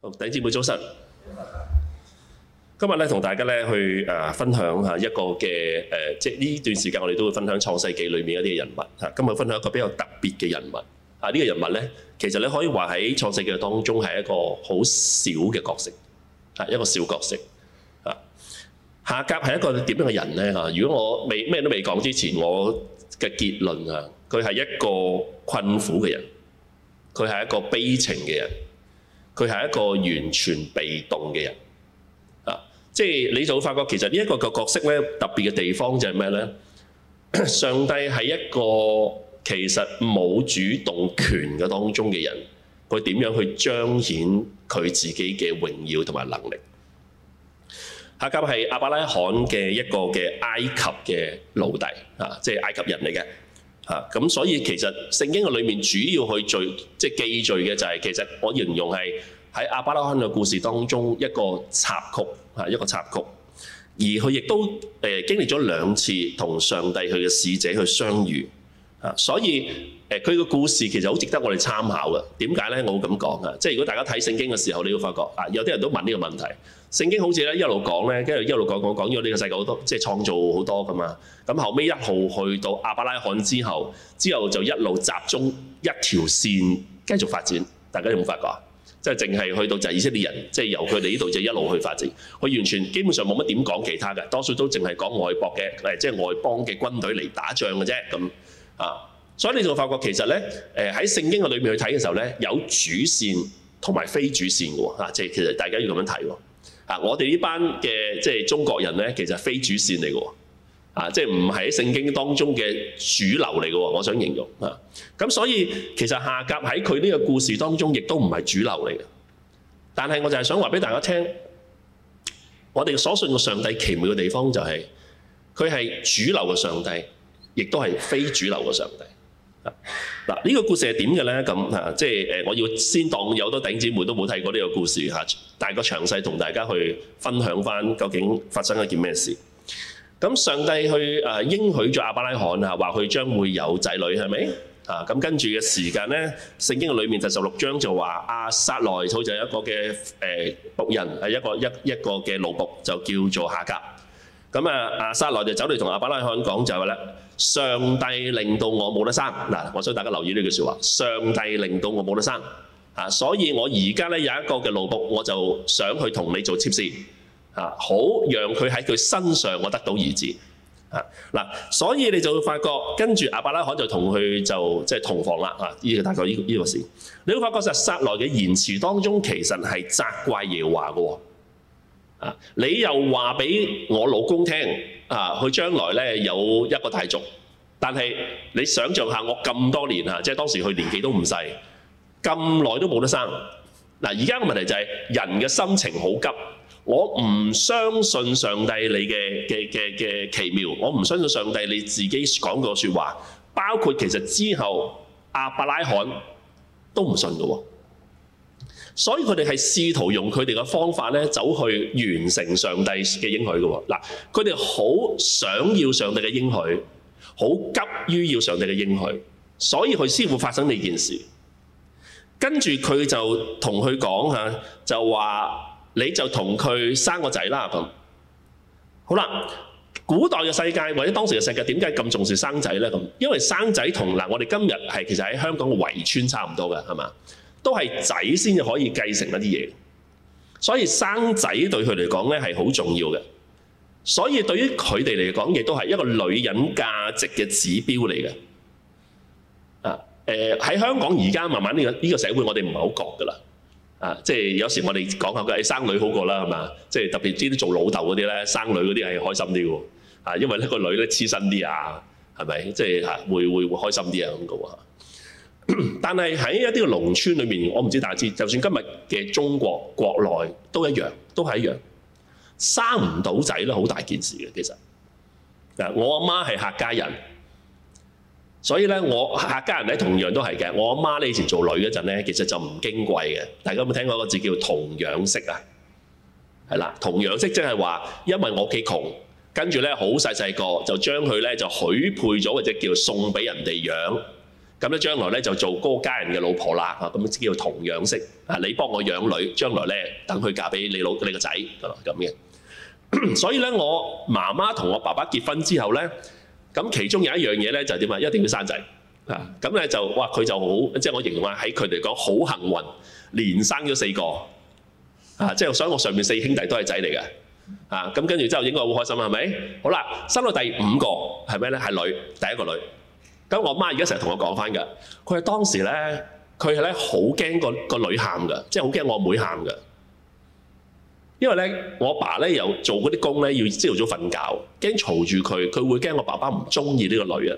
好，弟兄姊妹早晨。今日咧，同大家咧去誒、呃、分享下一個嘅誒，即係呢段時間我哋都會分享創世記裏面一啲嘅人物吓、啊。今日分享一個比較特別嘅人物吓。呢、啊這個人物咧，其實你可以話喺創世記當中係一個好小嘅角色吓、啊，一個小角色吓。夏甲係一個點樣嘅人咧吓、啊？如果我未咩都未講之前，我嘅結論啊，佢係一個困苦嘅人，佢係一個悲情嘅人。佢係一個完全被動嘅人，啊，即係你就會發覺其實呢一個嘅角色咧，特別嘅地方就係咩咧？上帝喺一個其實冇主動權嘅當中嘅人，佢點樣去彰顯佢自己嘅榮耀同埋能力？夏甲係亞伯拉罕嘅一個嘅埃及嘅奴隸，啊，即係埃及人嚟嘅。啊，咁所以其實聖經嘅裏面主要去敘，即、就是、記敘嘅就係、是、其實我形容係喺亞伯拉罕嘅故事當中一個插曲，一個插曲，而佢亦都誒、呃、經歷咗兩次同上帝佢嘅使者去相遇。啊，所以誒，佢個故事其實好值得我哋參考嘅。點解咧？我會咁講嘅，即係如果大家睇聖經嘅時候，你會發覺啊，有啲人都問呢個問題。聖經好似咧一路講咧，跟住一路講講講咗呢個世界好多，即係創造好多噶嘛。咁後尾，一路去到亞伯拉罕之後，之後就一路集中一條線繼續發展。大家有冇發覺啊？即係淨係去到就以色列人，即係由佢哋呢度就一路去發展。佢完全基本上冇乜點講其他嘅，多數都淨係講外國嘅誒，即係外邦嘅軍隊嚟打仗嘅啫咁。啊，所以你就發覺其實咧，誒喺聖經嘅裏面去睇嘅時候咧，有主線同埋非主線嘅喎，即係其實大家要咁樣睇喎，啊，我哋呢班嘅即係中國人咧，其實係非主線嚟嘅喎，啊，即係唔係喺聖經當中嘅主流嚟嘅喎，我想形容啊，咁所以其實夏甲喺佢呢個故事當中，亦都唔係主流嚟嘅，但係我就係想話俾大家聽，我哋所信嘅上帝奇妙嘅地方就係佢係主流嘅上帝。亦都係非主流嘅上帝嗱，呢、這個故事係點嘅咧？咁啊，即係誒，我要先當有多頂姊妹都冇睇過呢個故事，哈！大個詳細同大家去分享翻，究竟發生了一件咩事？咁上帝去誒、啊、應許咗亞伯拉罕啊，話佢將會有仔女，係咪啊？咁跟住嘅時間咧，聖經嘅裏面就十六章就話阿、啊、撒萊就有一個嘅誒僕人係一個一一,一,一個嘅奴僕，就叫做夏甲。咁啊，阿撒萊就走嚟同阿巴拉罕講就話、是、啦：上帝令到我冇得生嗱，我想大家留意呢句説話。上帝令到我冇得生啊，所以我而家咧有一個嘅路卜，我就想去同你做妾侍啊，好讓佢喺佢身上我得到兒子啊嗱，所以你就會發覺，跟住阿巴拉罕就，就、就是、同佢就即係同房啦啊！依、這個大概呢、這、依、個這個事，你會發覺實撒萊嘅言辭當中其實係責怪耶和華嘅。你又話俾我老公聽啊，佢將來呢有一個大族，但係你想象下，我咁多年啊，即係當時佢年紀都唔細，咁耐都冇得生。嗱，而家嘅問題就係人嘅心情好急，我唔相信上帝你嘅嘅嘅嘅奇妙，我唔相信上帝你自己講過說話，包括其實之後亞伯拉罕都唔信噶喎。所以佢哋係試圖用佢哋嘅方法咧，走去完成上帝嘅應許嘅喎。嗱，佢哋好想要上帝嘅應許，好急於要上帝嘅應許，所以佢先會發生呢件事。接着他就跟住佢就同佢講吓，就話你就同佢生個仔啦咁。好啦，古代嘅世界或者當時嘅世界，點解咁重視生仔咧？咁因為生仔同嗱我哋今日係其實喺香港嘅圍村差唔多嘅，係嘛？都係仔先至可以繼承一啲嘢，所以生仔對佢嚟講咧係好重要嘅。所以對於佢哋嚟講，亦都係一個女人價值嘅指標嚟嘅。啊誒，喺、呃、香港而家慢慢呢個呢個社會，我哋唔係好覺㗎啦。啊，即、就、係、是、有時我哋講下嘅，誒、欸、生女好過啦，係咪啊？即係特別啲做老豆嗰啲咧，生女嗰啲係開心啲㗎。啊，因為呢個女咧黐身啲、就是、啊，係咪？即係嚇會會會開心啲啊咁嘅喎。但係喺一啲嘅農村裏面，我唔知大家知，就算今日嘅中國國內都一樣，都係一樣，生唔到仔咧，好大件事嘅其實。嗱，我阿媽係客家人，所以咧我客家人咧同樣都係嘅。我阿媽咧以前做女嗰陣咧，其實就唔矜貴嘅。大家有冇聽過一個字叫童養媳啊？係啦，童養媳即係話，因為我屋企窮，跟住咧好細細個就將佢咧就許配咗或者叫送俾人哋養。咁咧，將來咧就做嗰家人嘅老婆啦。咁咁叫同樣式。你幫我養女，將來咧等佢嫁俾你老你個仔咁嘅。所以咧，我媽媽同我爸爸結婚之後咧，咁其中有一樣嘢咧就點啊？一定要生仔。咁咧就哇，佢就好，即係我形容喺佢哋講好幸運，連生咗四個啊！即係所以我上面四兄弟都係仔嚟嘅啊。咁跟住之後應該會好開心啊，係咪？好啦，生到第五個係咩咧？係女，第一個女。咁我媽而家成日同我講翻嘅，佢係當時咧，佢係咧好驚個個女喊嘅，即係好驚我妹喊嘅。因為咧，我爸咧又做嗰啲工咧，要朝頭早瞓覺，驚嘈住佢，佢會驚我爸爸唔中意呢個女啊。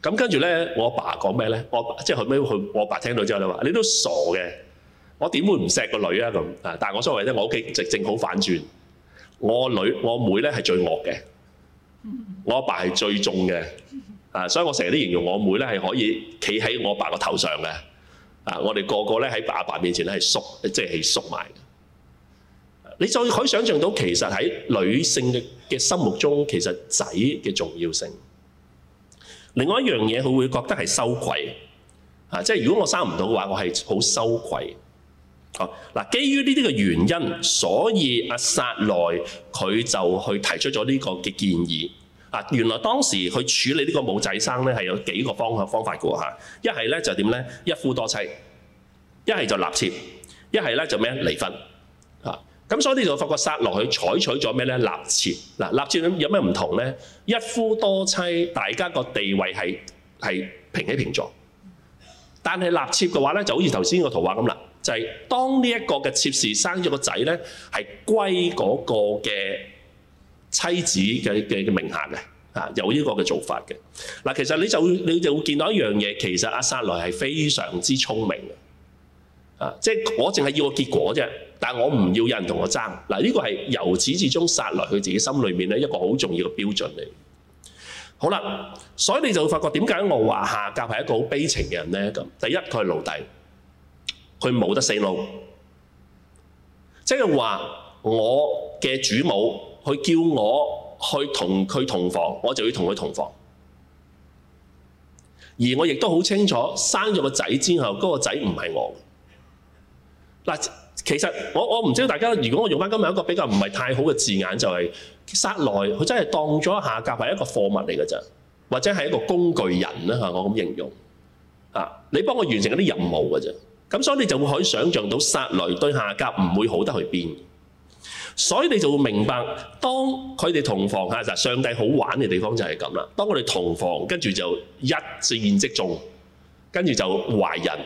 咁跟住咧，我爸講咩咧？我即係後尾佢我爸聽到之後咧話：你都傻嘅，我點會唔錫個女啊？咁啊，但係我所謂咧，我屋企就正好反轉，我女我妹咧係最惡嘅，我阿爸係最重嘅。啊！所以我成日都形容我妹咧，係可以企喺我爸個頭上嘅。啊！我哋個個咧喺阿爸面前咧，係縮，即係係縮埋。你再可以想象到，其實喺女性嘅嘅心目中，其實仔嘅重要性。另外一樣嘢，佢會覺得係羞愧。啊！即係如果我生唔到嘅話，我係好羞愧。好嗱，基於呢啲嘅原因，所以阿撒萊佢就去提出咗呢個嘅建議。啊，原來當時佢處理呢個冇仔生咧係有幾個方方法嘅嚇，一係咧就點咧一夫多妻，一係就立妾，一係咧就咩咧離婚嚇。咁所以呢，就發覺殺落去採取咗咩咧立妾嗱，立妾有咩唔同咧？一夫多妻大家個地位係係平起平坐，但係立妾嘅話咧就好似頭先個圖畫咁啦，就係、是、當呢一個嘅妾氏生咗個仔咧，係歸嗰個嘅。妻子嘅嘅名下嘅，啊，有呢個嘅做法嘅。嗱，其實你就你就會見到一樣嘢，其實阿撒萊係非常之聰明嘅，啊，即係我淨係要個結果啫，但係我唔要有人同我爭。嗱，呢個係由始至終撒萊佢自己心裏面咧一個好重要嘅標準嚟。好啦，所以你就會發覺點解我話夏甲係一個好悲情嘅人咧？咁第一他是，佢係奴隸，佢冇得死路，即係話我嘅主母。佢叫我去同佢同房，我就要同佢同房。而我亦都好清楚，生咗個仔之後嗰、那個仔唔係我嘅。嗱，其實我我唔知道大家，如果我用翻今日一個比較唔係太好嘅字眼，就係、是、撒萊，佢真係當咗夏甲，係一個貨物嚟嘅啫，或者係一個工具人啦吓，我咁形容啊，你幫我完成一啲任務嘅啫。咁所以你就會可以想象到撒萊對夏甲唔會好得去邊。所以你就會明白，當佢哋同房嚇就上帝好玩嘅地方就係咁啦。當我哋同房，跟住就一箭即中，跟住就懷孕。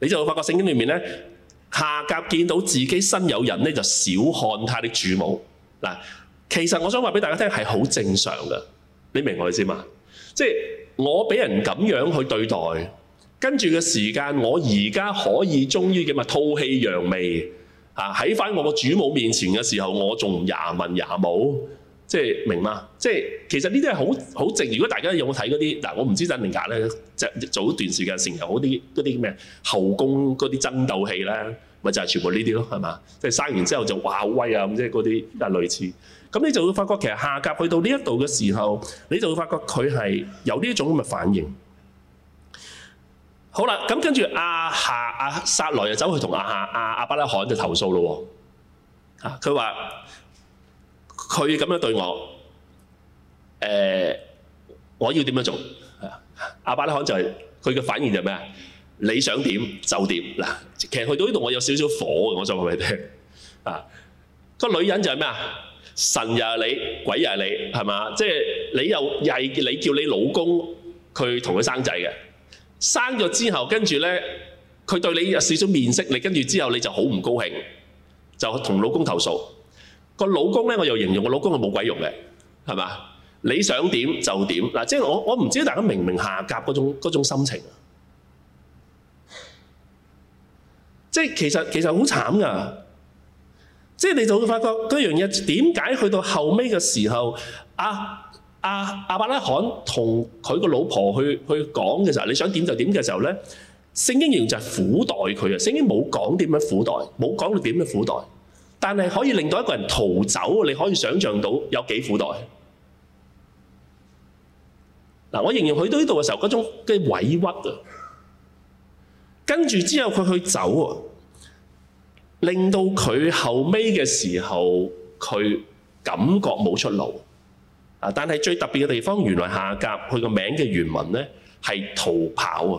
你就會發覺聖經裏面咧，夏甲見到自己身有孕咧，就小看他的主母嗱。其實我想話俾大家聽係好正常嘅，你明白我意思嘛？即係我俾人咁樣去對待，跟住嘅時間我而家可以終於叫乜吐氣揚眉。啊！喺翻我個主母面前嘅時候，我仲牙文牙武，即係明嘛？即係其實呢啲係好好正。如果大家有冇睇嗰啲嗱，我唔知真定假咧，就早一段時間成日好啲嗰啲咩後宮嗰啲爭鬥戲咧，咪就係、是、全部呢啲咯，係嘛？即係生完之後就話威啊，咁即係嗰啲啊類似。咁你就會發覺其實夏甲去到呢一度嘅時候，你就會發覺佢係有呢種咁嘅反應。好啦，咁跟住阿夏阿撒萊就走去同阿夏阿亞伯拉罕就投訴咯喎，啊佢話佢咁樣對我，誒、欸、我要點樣做？亞伯拉罕就係佢嘅反應就咩啊？你想點就點嗱，其實去到呢度我有少少火嘅，我想話俾你聽啊、那個女人就係咩啊？神又係你，鬼又係你係嘛？即係、就是、你又係你叫你老公佢同佢生仔嘅。生咗之後，跟住呢，佢對你有少少面色，你跟住之後你就好唔高興，就同老公投訴。個老公呢，我又形容個老公係冇鬼用嘅，係嘛？你想點就點嗱，即係我我唔知大家明唔明下夾嗰種嗰種心情，即係其實其實好慘噶，即係你就會發覺嗰樣嘢點解去到後尾嘅時候啊？阿阿伯拉罕同佢個老婆去去講嘅時候，你想點就點嘅時候呢？聖經形容就係苦待佢啊！聖經冇講點樣苦待，冇講到點樣苦待，但係可以令到一個人逃走，你可以想象到有幾苦待。嗱，我形容去到呢度嘅時候，嗰種嘅委屈啊！跟住之後佢去走啊，令到佢後尾嘅時候，佢感覺冇出路。啊！但係最特別嘅地方，原來夏甲佢個名嘅原文呢係逃跑啊！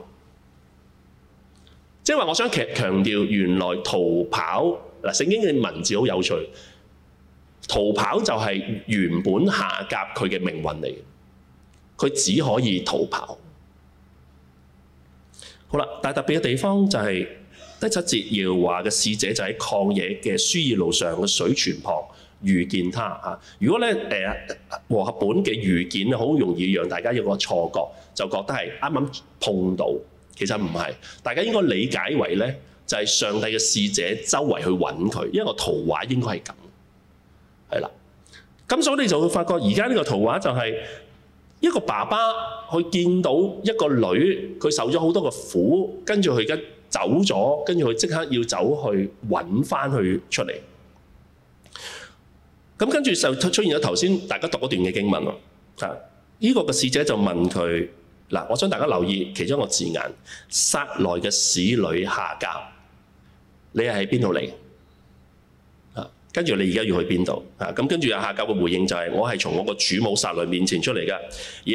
即係話我想強強調，原來逃跑。嗱，聖經嘅文字好有趣，逃跑就係原本夏甲佢嘅命運嚟，佢只可以逃跑。好啦，但係特別嘅地方就係、是、第七節要話嘅，使者就喺曠野嘅書珥路上嘅水泉旁。遇見他啊！如果咧誒和合本嘅遇見咧，好容易讓大家有個錯覺，就覺得係啱啱碰到，其實唔係。大家應該理解為咧，就係上帝嘅使者周圍去揾佢，因為個圖畫應該係咁，係啦。咁所以你就會發覺，而家呢個圖畫就係一個爸爸去見到一個女，佢受咗好多個苦，跟住佢而家走咗，跟住佢即刻要走去揾翻佢出嚟。咁跟住就出現咗頭先大家讀嗰段嘅經文呢啊，呢個嘅使者就問佢嗱，我想大家留意其中一個字眼，撒萊嘅使女夏甲，你係喺邊度嚟？跟住你而家要去邊度？啊，咁跟住夏甲嘅回應就係，我係從我個主母撒萊面前出嚟嘅，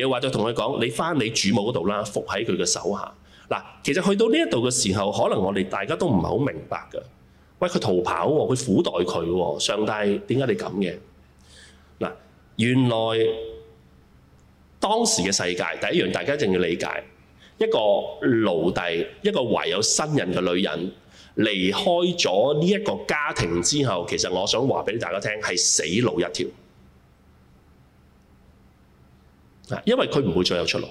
而話就同佢講你返你主母嗰度啦，服喺佢嘅手下。嗱，其實去到呢一度嘅時候，可能我哋大家都唔係好明白㗎。喂，佢逃跑喎，佢苦待佢喎，上帝點解你咁嘅？嗱，原來當時嘅世界，第一樣大家一定要理解，一個奴隸，一個懷有身孕嘅女人，離開咗呢一個家庭之後，其實我想話俾大家聽，係死路一條，因為佢唔會再有出路。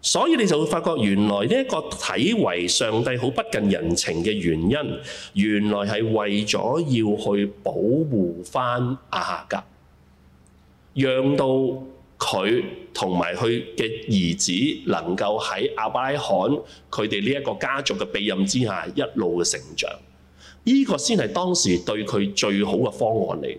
所以你就會發覺，原來呢一個體為上帝好不近人情嘅原因，原來係為咗要去保護翻阿哈格，讓到佢同埋佢嘅兒子能夠喺亞伯拉罕佢哋呢一個家族嘅庇蔭之下一路嘅成長。呢、呢個先係當時對佢最好嘅方案嚟。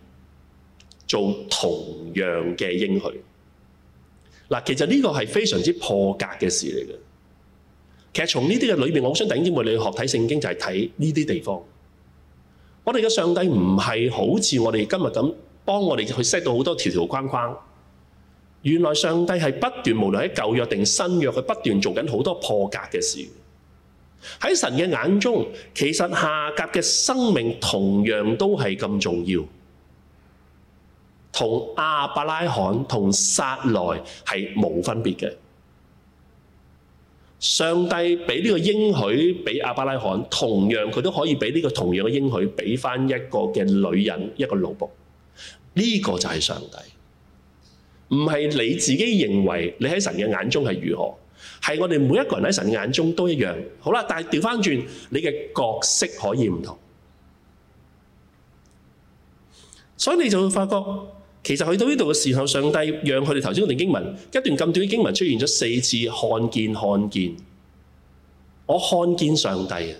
做同樣嘅應許嗱，其實呢個係非常之破格嘅事嚟嘅。其實從呢啲嘅裏面，我想第二啲會你學睇聖經，就係睇呢啲地方。我哋嘅上帝唔係好似我哋今日咁幫我哋去 set 到好多條條框框。原來上帝係不斷，無論喺舊約定新約，佢不斷做緊好多破格嘅事。喺神嘅眼中，其實下格嘅生命同樣都係咁重要。同阿，阿伯拉罕同撒萊係冇分別嘅。上帝俾呢個應許俾阿伯拉罕，同樣佢都可以俾呢個同樣嘅應許俾翻一個嘅女人一個老僕。呢個就係上帝，唔係你自己認為你喺神嘅眼中係如何，係我哋每一個人喺神嘅眼中都一樣。好啦，但係掉翻轉，你嘅角色可以唔同，所以你就會發覺。其實去到呢度嘅時候，上帝讓佢哋頭先嗰段經文一段咁短嘅經文出現咗四次，看見、看見，我看見上帝啊！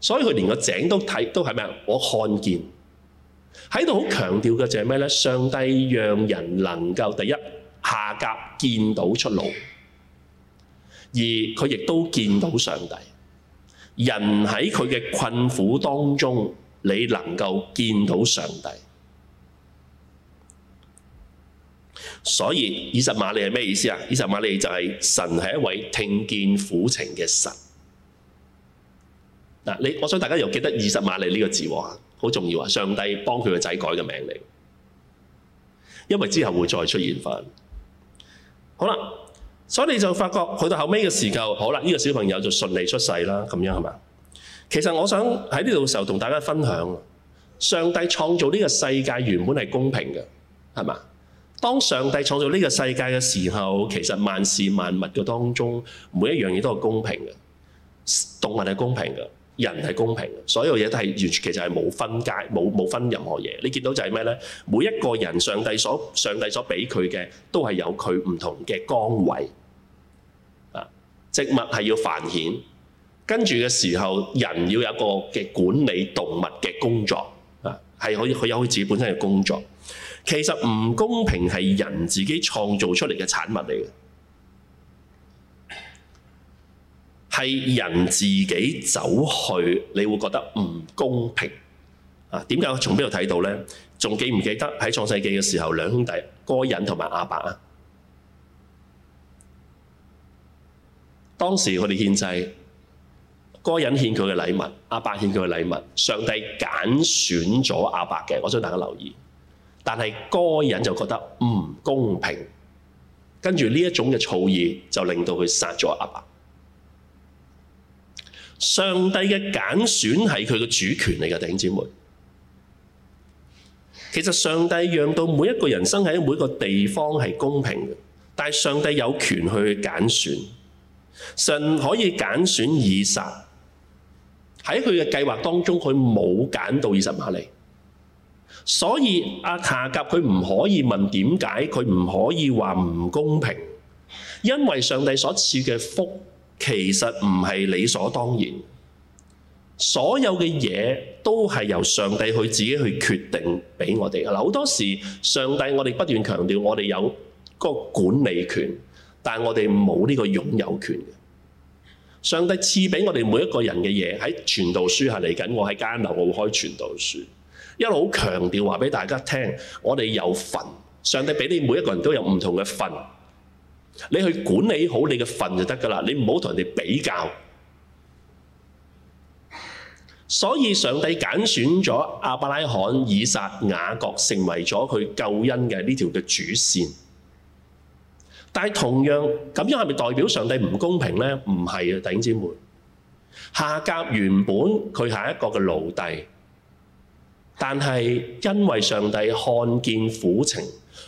所以佢連個井都睇都係咩？我看見喺度好強調嘅就係咩咧？上帝讓人能夠第一下夾見到出路，而佢亦都見到上帝。人喺佢嘅困苦當中，你能夠見到上帝。所以以實瑪利係咩意思啊？以實瑪利就係神係一位聽見苦情嘅神。嗱，你我想大家又記得以實瑪利呢個字喎，好重要啊！上帝幫佢個仔改嘅名嚟，因為之後會再出現翻。好啦，所以你就發覺去到後尾嘅時候，好啦，呢、這個小朋友就順利出世啦，咁樣係嘛？其實我想喺呢度嘅時候同大家分享，上帝創造呢個世界原本係公平嘅，係嘛？當上帝創造呢個世界嘅時候，其實萬事萬物嘅當中，每一樣嘢都係公平嘅。動物係公平嘅，人係公平嘅，所有嘢都係完全其實係冇分界，冇冇分任何嘢。你見到就係咩呢？每一個人上帝所上帝所俾佢嘅，都係有佢唔同嘅崗位。啊，植物係要繁衍，跟住嘅時候人要有一個嘅管理動物嘅工作。啊，係可以佢有佢自己本身嘅工作。其實唔公平係人自己創造出嚟嘅產物嚟嘅，係人自己走去，你會覺得唔公平。啊，點解我從邊度睇到呢？仲記唔記得喺創世記嘅時候，兩兄弟該隱同埋亞伯啊？當時佢哋獻祭，該隱獻佢嘅禮物，亞伯獻佢嘅禮物。上帝揀選咗亞伯嘅，我想大家留意。但係該隱就覺得唔公平，跟住呢一種嘅醋意就令到佢殺咗亞伯。上帝嘅揀選係佢嘅主權嚟嘅，弟兄姊妹。其實上帝讓到每一個人生喺每一個地方係公平嘅，但係上帝有權去揀選。神可以揀選以撒，喺佢嘅計劃當中，佢冇揀到以實瑪利。所以阿下甲佢唔可以問點解，佢唔可以話唔公平，因為上帝所賜嘅福其實唔係理所當然。所有嘅嘢都係由上帝去自己去決定俾我哋嘅。好多時上帝我哋不斷強調我哋有個管理權，但係我哋冇呢個擁有權。上帝賜俾我哋每一個人嘅嘢喺傳道書係嚟緊，我喺間樓我會開傳道書。一路好強調話俾大家聽，我哋有份，上帝俾你每一個人都有唔同嘅份，你去管理好你嘅份就得㗎啦，你唔好同人哋比較。所以上帝揀選咗亞伯拉罕、以撒、雅各成為咗佢救恩嘅呢條嘅主線，但係同樣咁樣係咪代表上帝唔公平呢？唔係啊，弟兄姊妹，夏甲原本佢係一個嘅奴隸。但係因為上帝看見苦情，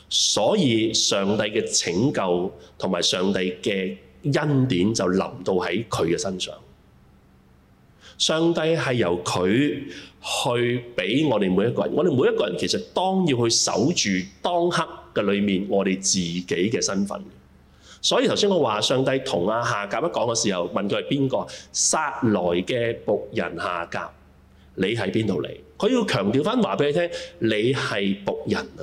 所以上帝嘅拯救同埋上帝嘅恩典就臨到喺佢嘅身上。上帝係由佢去俾我哋每一個人，我哋每一個人其實當要去守住當刻嘅裏面，我哋自己嘅身份。所以頭先我話上帝同阿夏甲一講嘅時候，問佢係邊個？撒萊嘅僕人夏甲，你喺邊度嚟？佢要強調翻話俾你聽，你係僕人啊，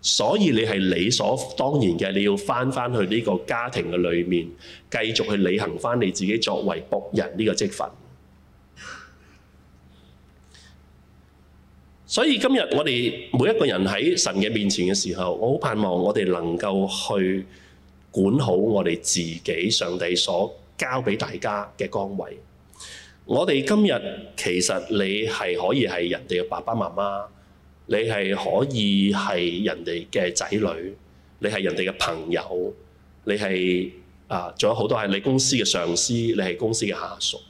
所以你係理所當然嘅，你要翻翻去呢個家庭嘅裏面，繼續去履行翻你自己作為僕人呢個職份。所以今日我哋每一個人喺神嘅面前嘅時候，我好盼望我哋能夠去管好我哋自己上帝所交俾大家嘅崗位。我哋今日其實你係可以係人哋嘅爸爸媽媽，你係可以係人哋嘅仔女，你係人哋嘅朋友，你係啊，仲有好多係你公司嘅上司，你係公司嘅下屬。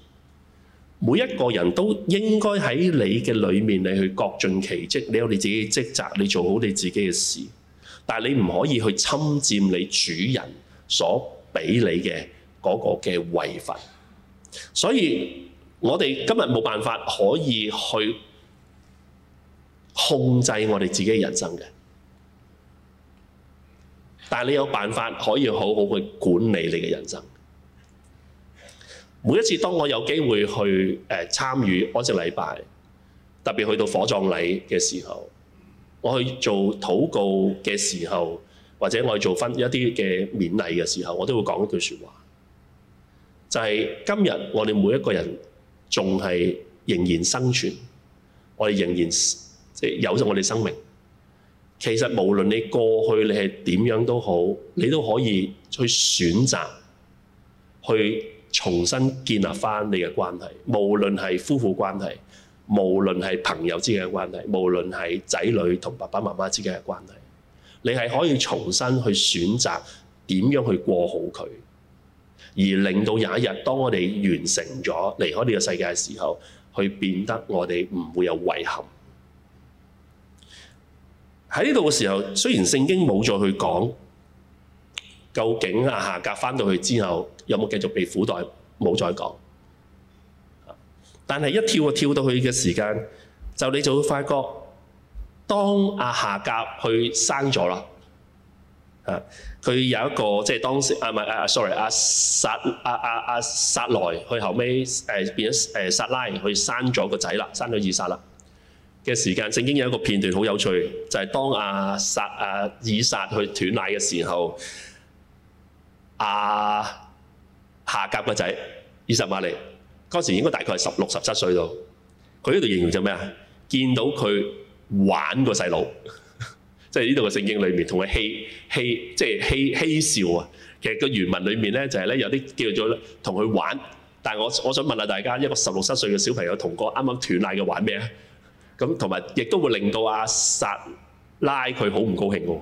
每一個人都應該喺你嘅裏面，你去各盡其職。你有你自己嘅職責，你做好你自己嘅事。但係你唔可以去侵佔你主人所俾你嘅嗰個嘅位份，所以。我哋今日冇辦法可以去控制我哋自己嘅人生嘅，但係你有辦法可以好好去管理你嘅人生。每一次當我有機會去參與安息禮拜，特別去到火葬禮嘅時候，我去做禱告嘅時候，或者我去做翻一啲嘅勉勵嘅時候，我都會講一句說話，就係、是、今日我哋每一個人。仲係仍然生存，我哋仍然即有咗我哋生命。其實無論你過去你係點樣都好，你都可以去選擇去重新建立返你嘅關係，無論係夫婦關係，無論係朋友之間嘅關係，無論係仔女同爸爸媽媽之間嘅關係，你係可以重新去選擇點樣去過好佢。而令到有一日，當我哋完成咗離開呢個世界嘅時候，佢變得我哋唔會有遺憾。喺呢度嘅時候，雖然聖經冇再去講究竟阿夏甲翻到去之後有冇繼續被苦待，冇再講。但係一跳就跳到去嘅時間，就你就會發覺，當阿夏甲去生咗啦，啊！佢有一個即係當時啊唔啊 sorry 阿撒阿阿阿撒萊，佢後尾誒變咗誒撒拉，去生咗個仔啦，生咗以撒啦嘅時間，正經有一個片段好有趣，就係、是、當阿撒阿以撒去斷奶嘅時候，阿、啊、夏甲個仔以實瑪利嗰時應該大概係十六十七歲度，佢呢度形容就咩啊？見到佢玩個細佬。即係呢度嘅聖經裏面，同佢嬉戲，即係嬉嬉笑啊！其實個原文裏面咧，就係咧有啲叫做同佢玩。但係我我想問下大家一個十六七歲嘅小朋友同個啱啱斷奶嘅玩咩啊？咁同埋亦都會令到阿撒拉佢好唔高興喎。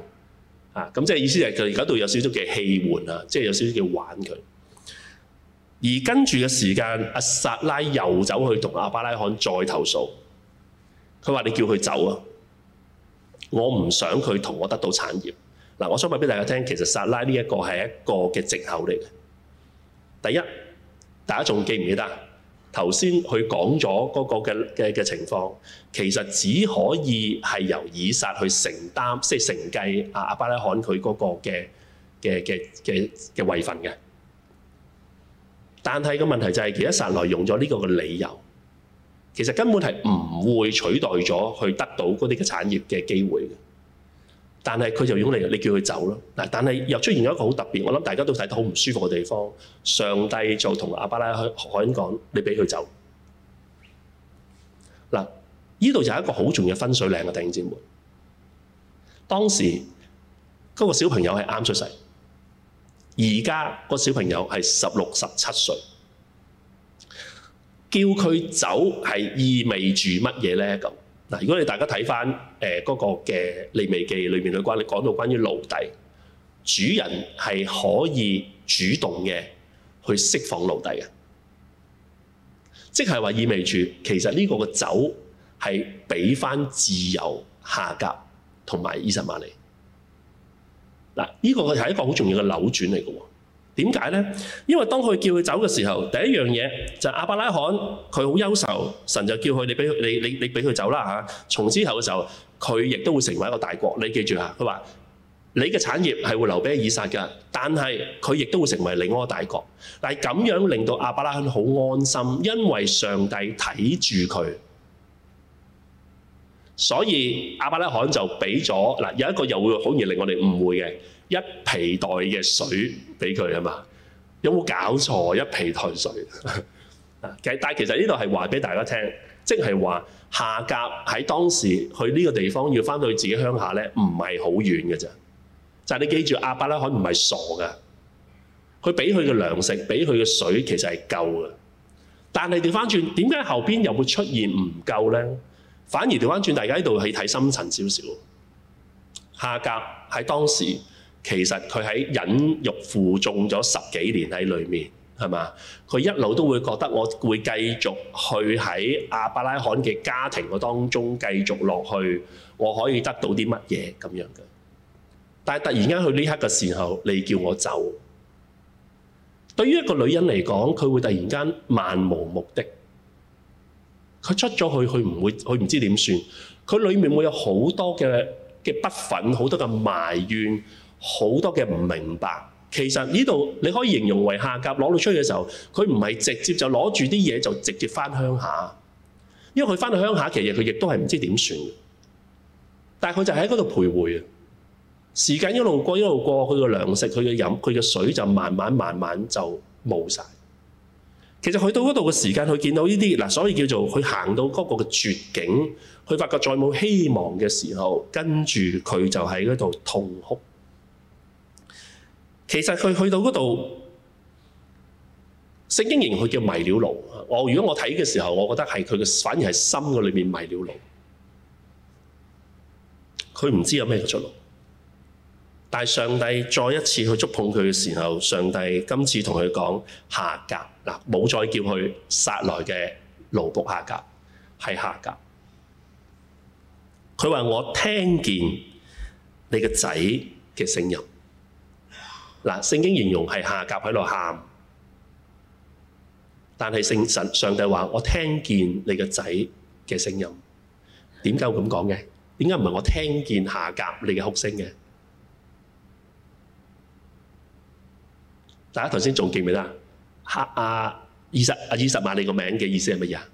啊，咁即係意思係佢而家度有少少嘅戲玩啊，即係有少少叫玩佢。而跟住嘅時間，阿撒拉又走去同阿巴拉罕再投訴，佢話：你叫佢走啊！我唔想佢同我得到產業。嗱，我想話俾大家聽，其實撒拉呢一個係一個嘅藉口嚟嘅。第一，大家仲記唔記得頭先佢講咗嗰個嘅嘅嘅情況？其實只可以係由以撒去承擔，即係承繼阿阿巴拉罕佢嗰個嘅嘅嘅嘅嘅位份嘅。但係個問題就係，其實撒拉用咗呢個嘅理由。其實根本係唔會取代咗去得到嗰啲嘅產業嘅機會嘅，但係佢就用你，你叫佢走，但係又出現咗一個好特別，我諗大家都睇到好唔舒服嘅地方。上帝就同亞伯拉罕講你俾佢走，呢度就係一個好重要嘅分水嶺啊，弟兄姊妹。當時嗰個小朋友係啱出世，而家個小朋友係十六、十七歲。叫佢走係意味住乜嘢呢？咁嗱，如果你大家睇翻誒嗰個嘅利未記裏面嘅關你講到關於奴隸，主人係可以主動嘅去釋放奴隸嘅，即係話意味住其實呢個嘅走係俾翻自由夏甲同埋以實瑪利。嗱，呢個係一個好重要嘅扭轉嚟嘅喎。點解呢？因為當佢叫佢走嘅時候，第一樣嘢就係阿伯拉罕，佢好憂愁，神就叫佢你俾你你你俾佢走啦嚇。從之後嘅時候，佢亦都會成為一個大國。你記住嚇，佢話你嘅產業係會留俾以撒嘅，但係佢亦都會成為另一個大國。但係咁樣令到阿伯拉罕好安心，因為上帝睇住佢，所以阿伯拉罕就俾咗，嗱，有一個又會好易令我哋誤會嘅。一皮袋嘅水俾佢啊嘛，有冇搞錯一皮袋水？其 但係其實呢度係話俾大家聽，即係話夏甲喺當時去呢個地方要翻到去自己的鄉下咧，唔係好遠嘅咋。就係你記住，亞伯拉罕唔係傻㗎，佢俾佢嘅糧食，俾佢嘅水其實係夠嘅。但係調翻轉，點解後邊又會出現唔夠咧？反而調翻轉，大家呢度係睇深層少少。夏甲喺當時。其實佢喺忍辱負重咗十幾年喺裏面，係嘛？佢一路都會覺得我會繼續去喺阿伯拉罕嘅家庭嘅當中繼續落去，我可以得到啲乜嘢咁樣嘅。但係突然間佢呢刻嘅時候，你叫我走，對於一個女人嚟講，佢會突然間漫無目的。佢出咗去了，佢唔會佢唔知點算。佢裡面會有好多嘅嘅不忿，好多嘅埋怨。好多嘅唔明白，其實呢度你可以形容為下甲攞到出去嘅時候，佢唔係直接就攞住啲嘢就直接翻鄉下，因為佢翻到鄉下，其實佢亦都係唔知點算。但係佢就喺嗰度徘徊，啊。時間一路過一路過，佢嘅糧食、佢嘅飲、佢嘅水就慢慢慢慢就冇晒。其實去到嗰度嘅時間，佢見到呢啲嗱，所以叫做佢行到嗰個嘅絕境，佢發覺再冇希望嘅時候，跟住佢就喺嗰度痛哭。其實佢去到嗰度，聖經形容佢叫迷了路。哦、如果我睇嘅時候，我覺得係佢嘅，反而係心裏裏面迷了路。佢唔知道有咩出路。但上帝再一次去觸碰佢嘅時候，上帝今次同佢講夏甲，沒冇再叫佢撒萊嘅奴僕夏甲係夏甲，佢話我聽見你嘅仔嘅聲音。嗱，聖經形容係夏甲喺度喊，但係聖神上帝話：我聽見你嘅仔嘅聲音。點解會咁講嘅？點解唔係我聽見夏甲你嘅哭聲嘅？大家頭先仲記唔記得？哈、啊、二十、啊、二十萬，你個名嘅意思係乜嘢啊？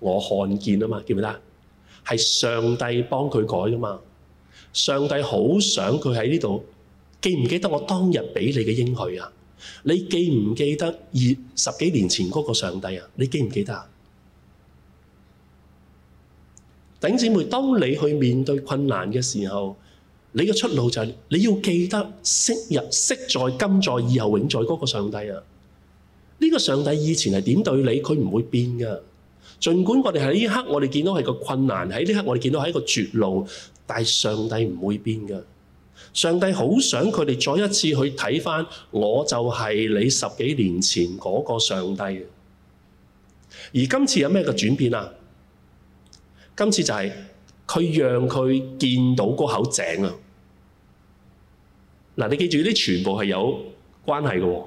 我看見啊嘛，記唔記得？係上帝幫佢改㗎嘛？上帝好想佢喺呢度。記唔記得我當日俾你嘅應許啊？你記唔記得二十幾年前嗰個上帝啊？你記唔記得啊？頂姊妹，當你去面對困難嘅時候，你嘅出路就係你要記得昔日、昔在、今在、以後永在嗰個上帝啊！呢個上帝以前係點對你，佢唔會變噶。盡管我哋喺呢刻我哋見到係個困難，喺呢刻我哋見到係一個絕路，但係上帝唔會變噶。上帝好想佢哋再一次去睇翻，我就係你十幾年前嗰個上帝。而今次有咩個轉變啊？今次就係佢讓佢見到嗰口井啊！嗱，你記住呢啲全部係有關係嘅。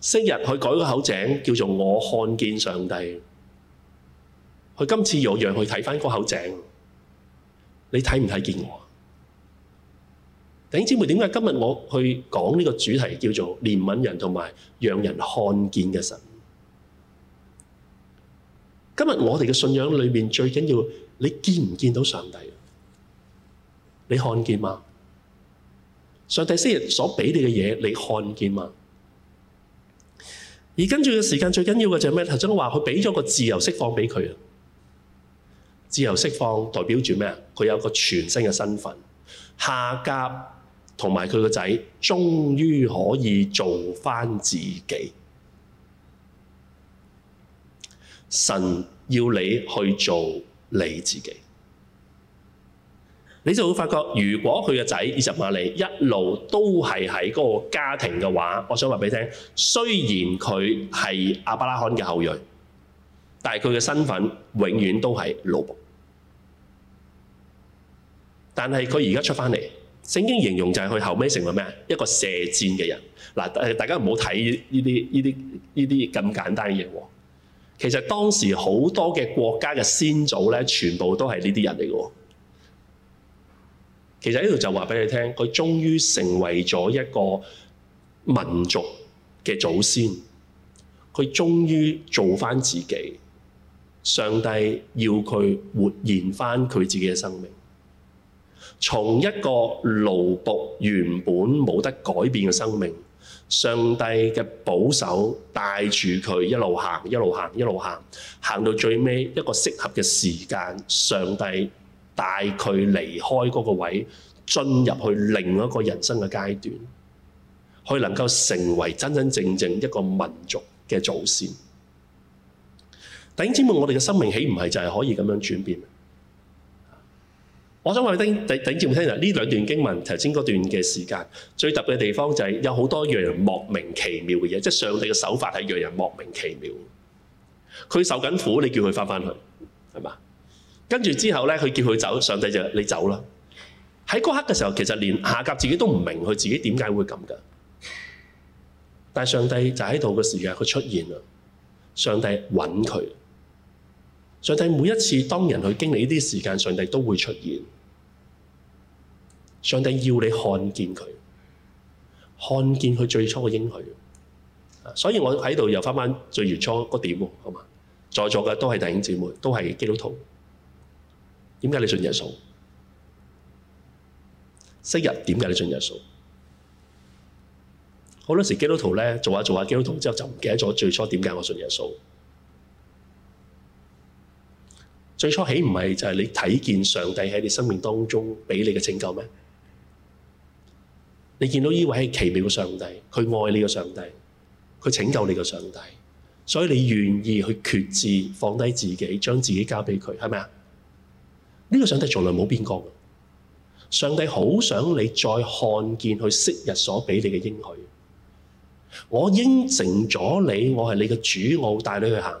昔日佢改個口井叫做我看見上帝，佢今次又讓佢睇翻嗰口井，你睇唔睇見我？弟兄姊妹，點解今日我去講呢個主題叫做憐憫人同埋讓人看見嘅神？今日我哋嘅信仰裏面最緊要，你見唔見到上帝？你看見嗎？上帝昔日所俾你嘅嘢，你看見嗎？而跟住嘅時間最緊要嘅就係咩？頭先我話佢俾咗個自由釋放俾佢啊！自由釋放代表住咩啊？佢有個全新嘅身份，下夾。同埋佢個仔，終於可以做翻自己。神要你去做你自己，你就會發覺，如果佢個仔以實瑪利一路都係喺嗰個家庭嘅話，我想話俾你聽，雖然佢係亞伯拉罕嘅後裔，但係佢嘅身份永遠都係奴僕。但係佢而家出翻嚟。聖經形容就係佢後尾成為咩？一個射箭嘅人。嗱，誒大家唔好睇呢啲呢啲呢啲咁簡單嘅嘢。其實當時好多嘅國家嘅先祖咧，全部都係呢啲人嚟嘅。其實呢度就話俾你聽，佢終於成為咗一個民族嘅祖先。佢終於做返自己。上帝要佢活現返佢自己嘅生命。從一個奴僕原本冇得改變嘅生命，上帝嘅保守帶住佢一路行，一路行，一路行，行到最尾一個適合嘅時間，上帝帶佢離開嗰個位，進入去另一個人生嘅階段，佢能夠成為真真正正一個民族嘅祖先。等之末，我哋嘅生命豈唔係就係可以咁樣轉變？我想話俾你聽，等住，唔聽啊！呢兩段經文頭先嗰段嘅時間最特別嘅地方就係有好多讓人莫名其妙嘅嘢，即係上帝嘅手法係讓人莫名其妙。佢受緊苦，你叫佢返返去，係嘛？跟住之後咧，佢叫佢走，上帝就你走啦。喺嗰刻嘅時候，其實連夏甲自己都唔明佢自己點解會咁㗎。但係上帝就喺度嘅時候，佢出現啦。上帝揾佢。上帝每一次當人去經歷呢啲時間，上帝都會出現。上帝要你看見佢，看見佢最初嘅應許。所以，我喺度又翻翻最月初最原初嗰點喎，好嘛？在座嘅都係弟兄姊妹，都係基督徒。點解你信耶穌？昔日點解你信耶穌？好多時基督徒呢，做下做下基督徒之後就唔記得咗最初點解我信耶穌。最初起唔係就係你睇見上帝喺你生命當中俾你嘅拯救咩？你見到呢位係奇妙嘅上帝，佢愛你嘅上帝，佢拯救你嘅上帝，所以你願意去決志放低自己，將自己交俾佢，係咪啊？呢、這個上帝從來冇變過，上帝好想你再看見佢昔日所俾你嘅應許。我應承咗你，我係你嘅主，我帶你去行。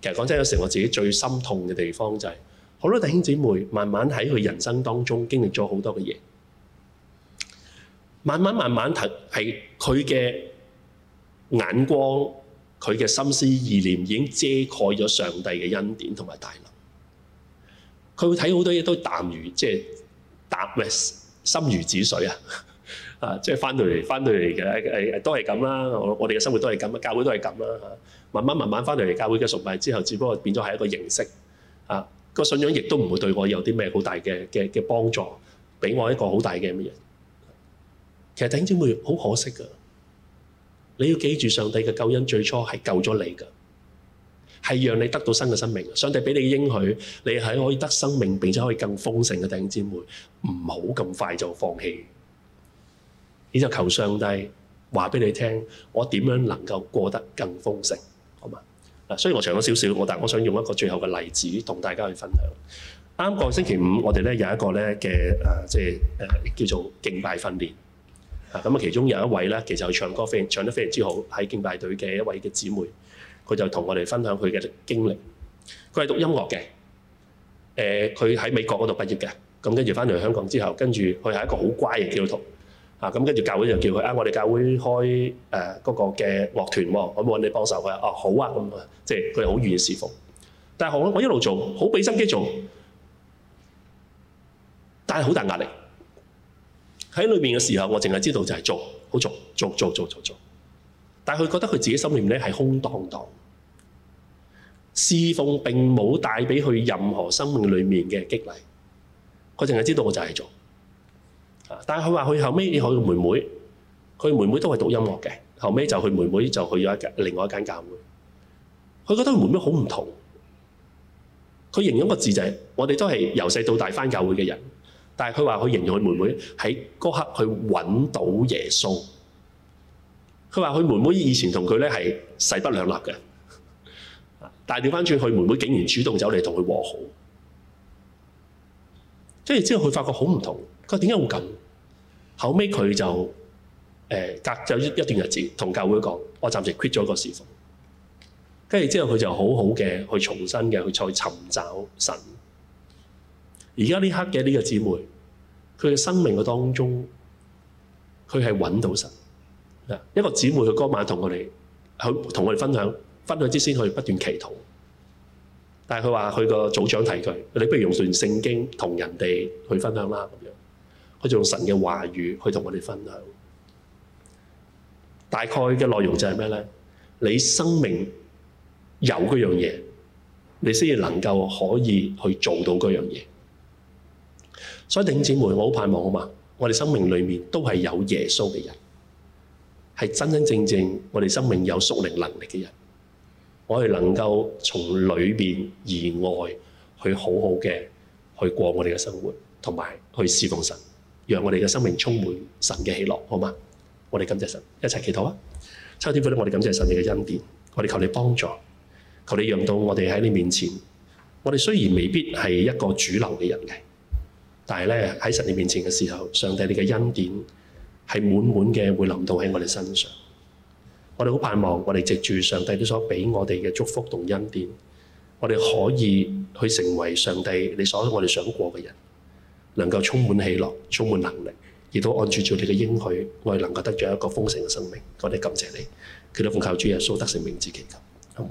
其實講真，有時我自己最心痛嘅地方就係、是、好多弟兄姊妹慢慢喺佢人生當中經歷咗好多嘅嘢，慢慢慢慢係佢嘅眼光、佢嘅心思意念已經遮蓋咗上帝嘅恩典同埋大能。佢會睇好多嘢都淡如即係淡唔係心如止水啊！啊，即係返到嚟返到嚟嘅誒都係咁啦。我我哋嘅生活都係咁啊，教會都係咁啦嚇。啊慢慢慢慢翻到嚟教會嘅崇拜之後，只不過變咗係一個形式啊！個信仰亦都唔會對我有啲咩好大嘅嘅嘅幫助，俾我一個好大嘅乜嘢？其實弟兄姊妹好可惜噶，你要記住上帝嘅救恩最初係救咗你噶，係讓你得到新嘅生命。上帝俾你應許，你係可以得生命，並且可以更豐盛嘅弟兄姊妹，唔好咁快就放棄。你就求上帝話俾你聽，我點樣能夠過得更豐盛？好嘛？嗱，雖然我長咗少少，我但係我想用一個最後嘅例子同大家去分享，啱個星期五，我哋咧有一個咧嘅誒，即係誒叫做敬拜訓練。啊，咁啊，其中有一位啦，其實佢唱歌非常唱得非常之好，喺敬拜隊嘅一位嘅姊妹，佢就同我哋分享佢嘅經歷。佢係讀音樂嘅，誒、呃，佢喺美國嗰度畢業嘅，咁跟住翻嚟香港之後，跟住佢係一個好乖嘅基督徒。啊，咁跟住教會就叫佢啊，我哋教會開嗰、呃嗰個嘅樂團喎，冇揾你幫手，佢哦好啊。咁、嗯、即係佢好願意侍奉。但係我我一路做好俾心機做，但係好大壓力。喺裏面嘅時候，我淨係知道就係做，好做做做做做做，做。但係佢覺得佢自己心裏面咧係空蕩蕩，侍奉並冇帶俾佢任何生命裏面嘅激勵。佢淨係知道我就係做。但係佢話佢後尾佢妹妹，佢妹妹都係讀音樂嘅，後尾就佢妹妹就去咗一另外一間教會。佢覺得佢妹妹好唔同。佢形容個字就係，我哋都係由細到大返教會嘅人，但係佢話佢形容佢妹妹喺嗰刻去揾到耶穌。佢話佢妹妹以前同佢咧係勢不兩立嘅，但係調返轉去佢妹妹竟然主動走嚟同佢和好，跟住之後佢發覺好唔同，佢點解會咁？後尾，佢就誒隔咗一段日子，同教會講：我暫時 quit 咗個事奉。跟住之後他很，佢就好好嘅去重新嘅去再尋找神。而家呢刻嘅呢個姊妹，佢嘅生命嘅當中，佢係揾到神。啊，一個姊妹佢嗰晚同我哋去同我哋分享，分享之先去不斷祈禱。但係佢話：佢個組長提佢，你不如用段聖經同人哋去分享啦咁樣。佢用神嘅話語去同我哋分享，大概嘅內容就係咩呢？你生命有嗰樣嘢，你先至能夠可以去做到嗰樣嘢。所以弟兄姊妹，我好盼望啊嘛，我哋生命裏面都係有耶穌嘅人，係真真正正我哋生命有屬靈能力嘅人，我哋能夠從裏面而外去好好嘅去過我哋嘅生活，同埋去侍奉神。讓我哋嘅生命充滿神嘅喜樂，好嘛？我哋感謝神，一齊祈禱啊！秋天會咧，我哋感謝神你嘅恩典，我哋求你幫助，求你讓到我哋喺你面前。我哋雖然未必係一個主流嘅人嘅，但係呢，喺神你面前嘅時候，上帝你嘅恩典係滿滿嘅會臨到喺我哋身上。我哋好盼望，我哋藉住上帝你所俾我哋嘅祝福同恩典，我哋可以去成為上帝你所我哋想過嘅人。能夠充滿喜樂，充滿能力，亦都按住住你嘅應許，我哋能夠得著一個豐盛嘅生命。我哋感謝你，佢都奉求主耶穌得聖名自己啊，好嗎。